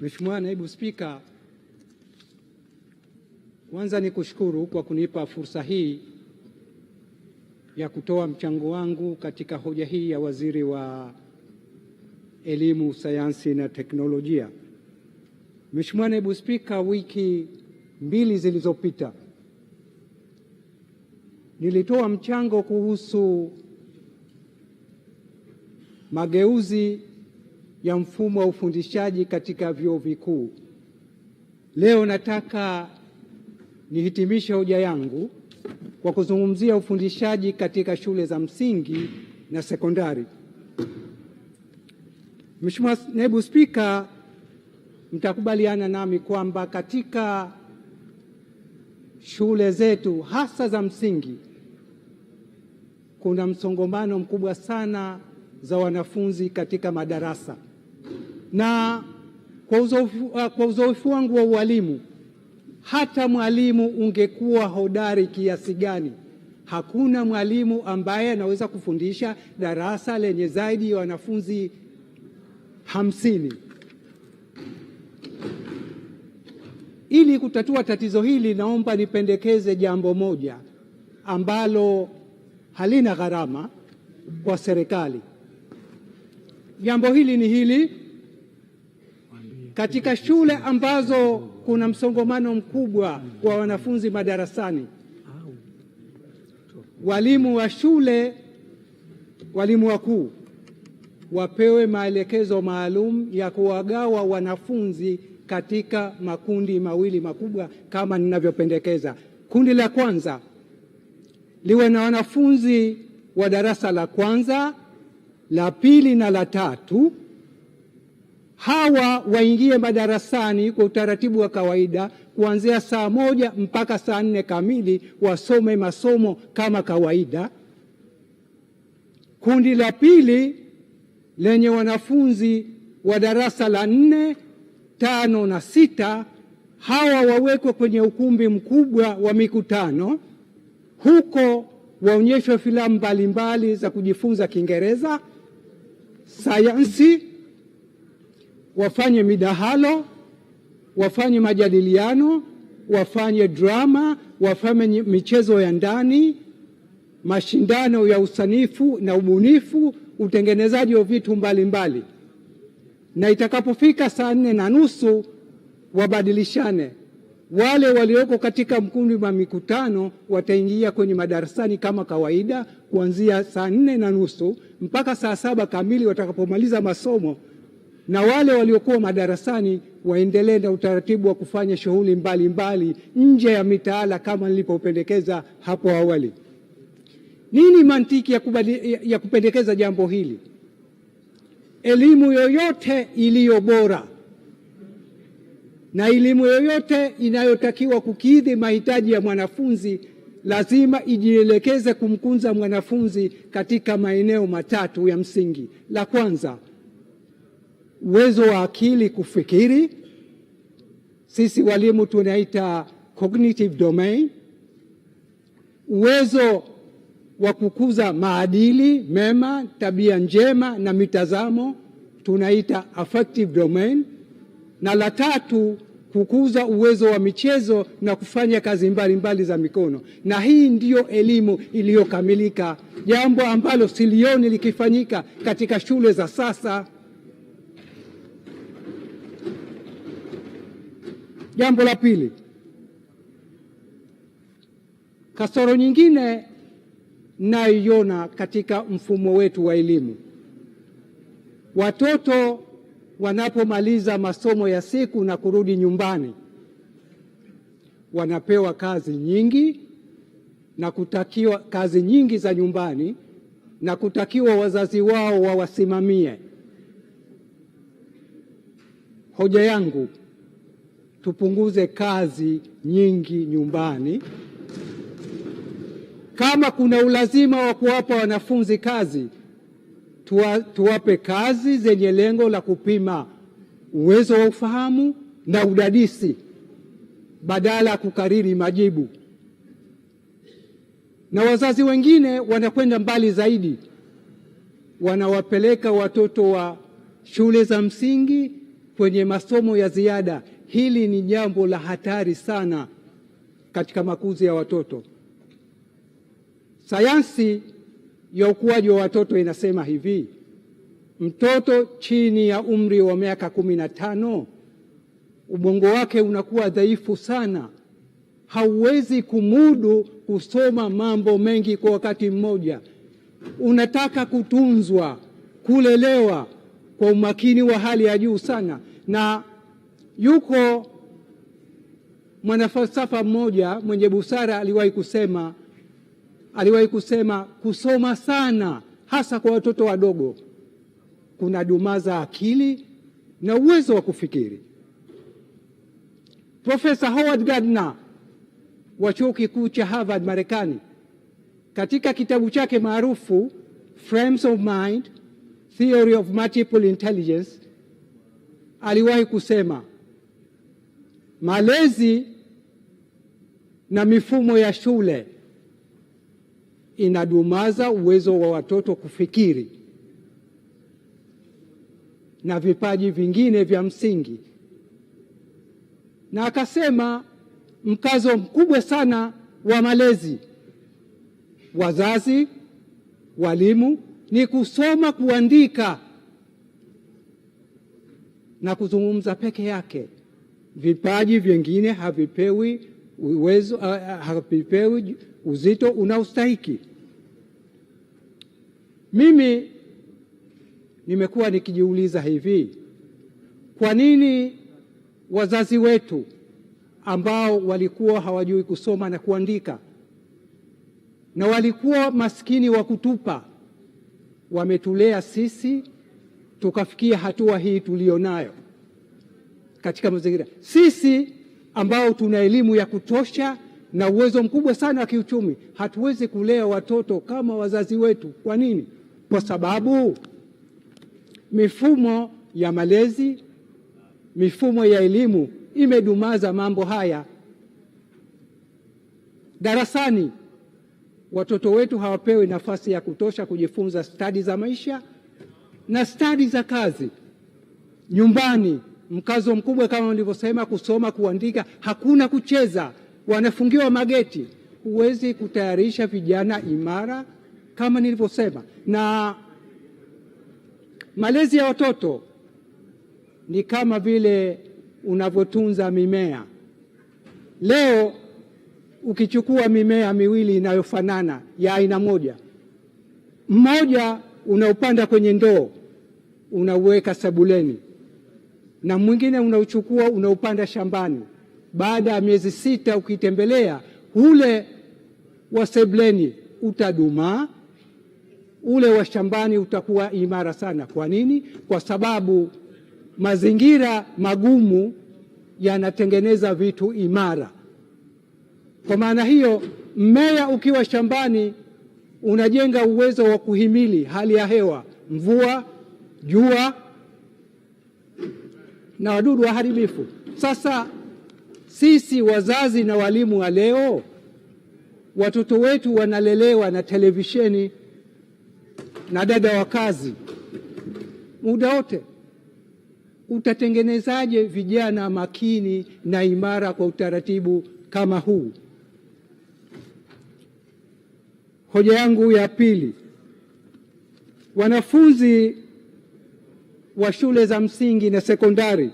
Mheshimiwa Naibu Spika, kwanza ni kushukuru kwa kunipa fursa hii ya kutoa mchango wangu katika hoja hii ya Waziri wa Elimu, Sayansi na Teknolojia. Mheshimiwa Naibu Spika, wiki mbili zilizopita nilitoa mchango kuhusu mageuzi ya mfumo wa ufundishaji katika vyuo vikuu. Leo nataka nihitimishe hoja yangu kwa kuzungumzia ufundishaji katika shule za msingi na sekondari. Mheshimiwa Naibu Spika, mtakubaliana nami kwamba katika shule zetu hasa za msingi kuna msongamano mkubwa sana za wanafunzi katika madarasa na uh, kwa uzoefu wangu wa ualimu, hata mwalimu ungekuwa hodari kiasi gani, hakuna mwalimu ambaye anaweza kufundisha darasa lenye zaidi ya wanafunzi hamsini. Ili kutatua tatizo hili, naomba nipendekeze jambo moja ambalo halina gharama kwa serikali. Jambo hili ni hili katika shule ambazo kuna msongamano mkubwa wa wanafunzi madarasani, walimu wa shule, walimu wakuu wapewe maelekezo maalum ya kuwagawa wanafunzi katika makundi mawili makubwa kama ninavyopendekeza. Kundi la kwanza liwe na wanafunzi wa darasa la kwanza, la pili na la tatu hawa waingie madarasani kwa utaratibu wa kawaida kuanzia saa moja mpaka saa nne kamili, wasome masomo kama kawaida. Kundi la pili lenye wanafunzi wa darasa la nne, tano na sita, hawa wawekwe kwenye ukumbi mkubwa wa mikutano. Huko waonyeshwe filamu mbalimbali za kujifunza Kiingereza, sayansi wafanye midahalo, wafanye majadiliano, wafanye drama, wafanye michezo ya ndani, mashindano ya usanifu na ubunifu, utengenezaji wa vitu mbalimbali mbali. Na itakapofika saa nne na nusu wabadilishane wale walioko katika mkundi wa mikutano wataingia kwenye madarasani kama kawaida kuanzia saa nne na nusu mpaka saa saba kamili watakapomaliza masomo na wale waliokuwa madarasani waendelee na utaratibu wa kufanya shughuli mbalimbali nje ya mitaala kama nilipopendekeza hapo awali. Nini mantiki ya, kubali, ya kupendekeza jambo hili? Elimu yoyote iliyo bora na elimu yoyote inayotakiwa kukidhi mahitaji ya mwanafunzi lazima ijielekeze kumkunza mwanafunzi katika maeneo matatu ya msingi. La kwanza uwezo wa akili kufikiri, sisi walimu tunaita cognitive domain, uwezo wa kukuza maadili mema, tabia njema na mitazamo tunaita affective domain, na la tatu kukuza uwezo wa michezo na kufanya kazi mbalimbali mbali za mikono. Na hii ndiyo elimu iliyokamilika, jambo ambalo silioni likifanyika katika shule za sasa. Jambo la pili, kasoro nyingine nayoiona katika mfumo wetu wa elimu, watoto wanapomaliza masomo ya siku na kurudi nyumbani, wanapewa kazi nyingi na kutakiwa kazi nyingi za nyumbani na kutakiwa wazazi wao wawasimamie. Hoja yangu tupunguze kazi nyingi nyumbani. Kama kuna ulazima wa kuwapa wanafunzi kazi, tuwa, tuwape kazi zenye lengo la kupima uwezo wa ufahamu na udadisi badala ya kukariri majibu. Na wazazi wengine wanakwenda mbali zaidi, wanawapeleka watoto wa shule za msingi kwenye masomo ya ziada Hili ni jambo la hatari sana katika makuzi ya watoto. Sayansi ya ukuaji wa watoto inasema hivi, mtoto chini ya umri wa miaka kumi na tano ubongo wake unakuwa dhaifu sana, hauwezi kumudu kusoma mambo mengi kwa wakati mmoja. Unataka kutunzwa, kulelewa kwa umakini wa hali ya juu sana na Yuko mwanafalsafa mmoja mwenye busara aliwahi kusema, aliwahi kusema kusoma sana hasa kwa watoto wadogo kuna dumaza akili na uwezo wa kufikiri. Profesa Howard Gardner wa chuo kikuu cha Harvard Marekani, katika kitabu chake maarufu Frames of Mind Theory of Multiple Intelligence, aliwahi kusema Malezi na mifumo ya shule inadumaza uwezo wa watoto kufikiri na vipaji vingine vya msingi, na akasema mkazo mkubwa sana wa malezi, wazazi, walimu ni kusoma, kuandika na kuzungumza peke yake vipaji vyengine havipewi uwezo, havipewi uzito unaostahiki. Mimi nimekuwa nikijiuliza hivi, kwa nini wazazi wetu ambao walikuwa hawajui kusoma na kuandika na walikuwa maskini wa kutupa, wametulea sisi tukafikia hatua hii tuliyonayo nayo? katika mazingira sisi ambao tuna elimu ya kutosha na uwezo mkubwa sana wa kiuchumi, hatuwezi kulea watoto kama wazazi wetu. Kwa nini? Kwa sababu mifumo ya malezi, mifumo ya elimu imedumaza mambo haya. Darasani watoto wetu hawapewi nafasi ya kutosha kujifunza stadi za maisha na stadi za kazi. Nyumbani mkazo mkubwa kama nilivyosema, kusoma, kuandika, hakuna kucheza, wanafungiwa mageti. Huwezi kutayarisha vijana imara kama nilivyosema. Na malezi ya watoto ni kama vile unavyotunza mimea. Leo ukichukua mimea miwili inayofanana ya aina moja, mmoja unaupanda kwenye ndoo, unauweka sebuleni na mwingine unauchukua unaupanda shambani, baada ya miezi sita ukitembelea ule wa sebleni utadumaa, ule wa shambani utakuwa imara sana. Kwa nini? Kwa sababu mazingira magumu yanatengeneza vitu imara. Kwa maana hiyo, mmea ukiwa shambani unajenga uwezo wa kuhimili hali ya hewa, mvua, jua na wadudu waharibifu. Sasa sisi wazazi na walimu wa leo, watoto wetu wanalelewa na televisheni na dada wa kazi muda wote. Utatengenezaje vijana makini na imara kwa utaratibu kama huu? Hoja yangu ya pili, wanafunzi wa shule za msingi na sekondari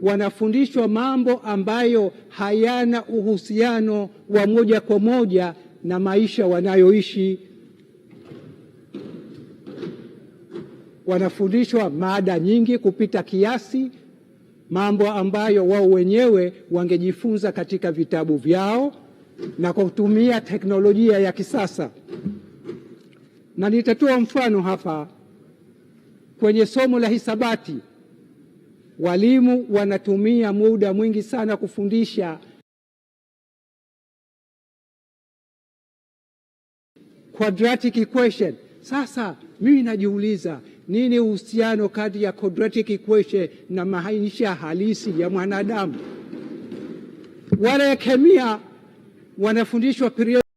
wanafundishwa mambo ambayo hayana uhusiano wa moja kwa moja na maisha wanayoishi. Wanafundishwa mada nyingi kupita kiasi, mambo ambayo wao wenyewe wangejifunza katika vitabu vyao na kwa kutumia teknolojia ya kisasa. Na nitatoa mfano hapa. Kwenye somo la hisabati walimu wanatumia muda mwingi sana kufundisha quadratic equation. Sasa mimi najiuliza nini uhusiano kati ya quadratic equation na maisha halisi ya mwanadamu? Wale kemia wanafundishwa period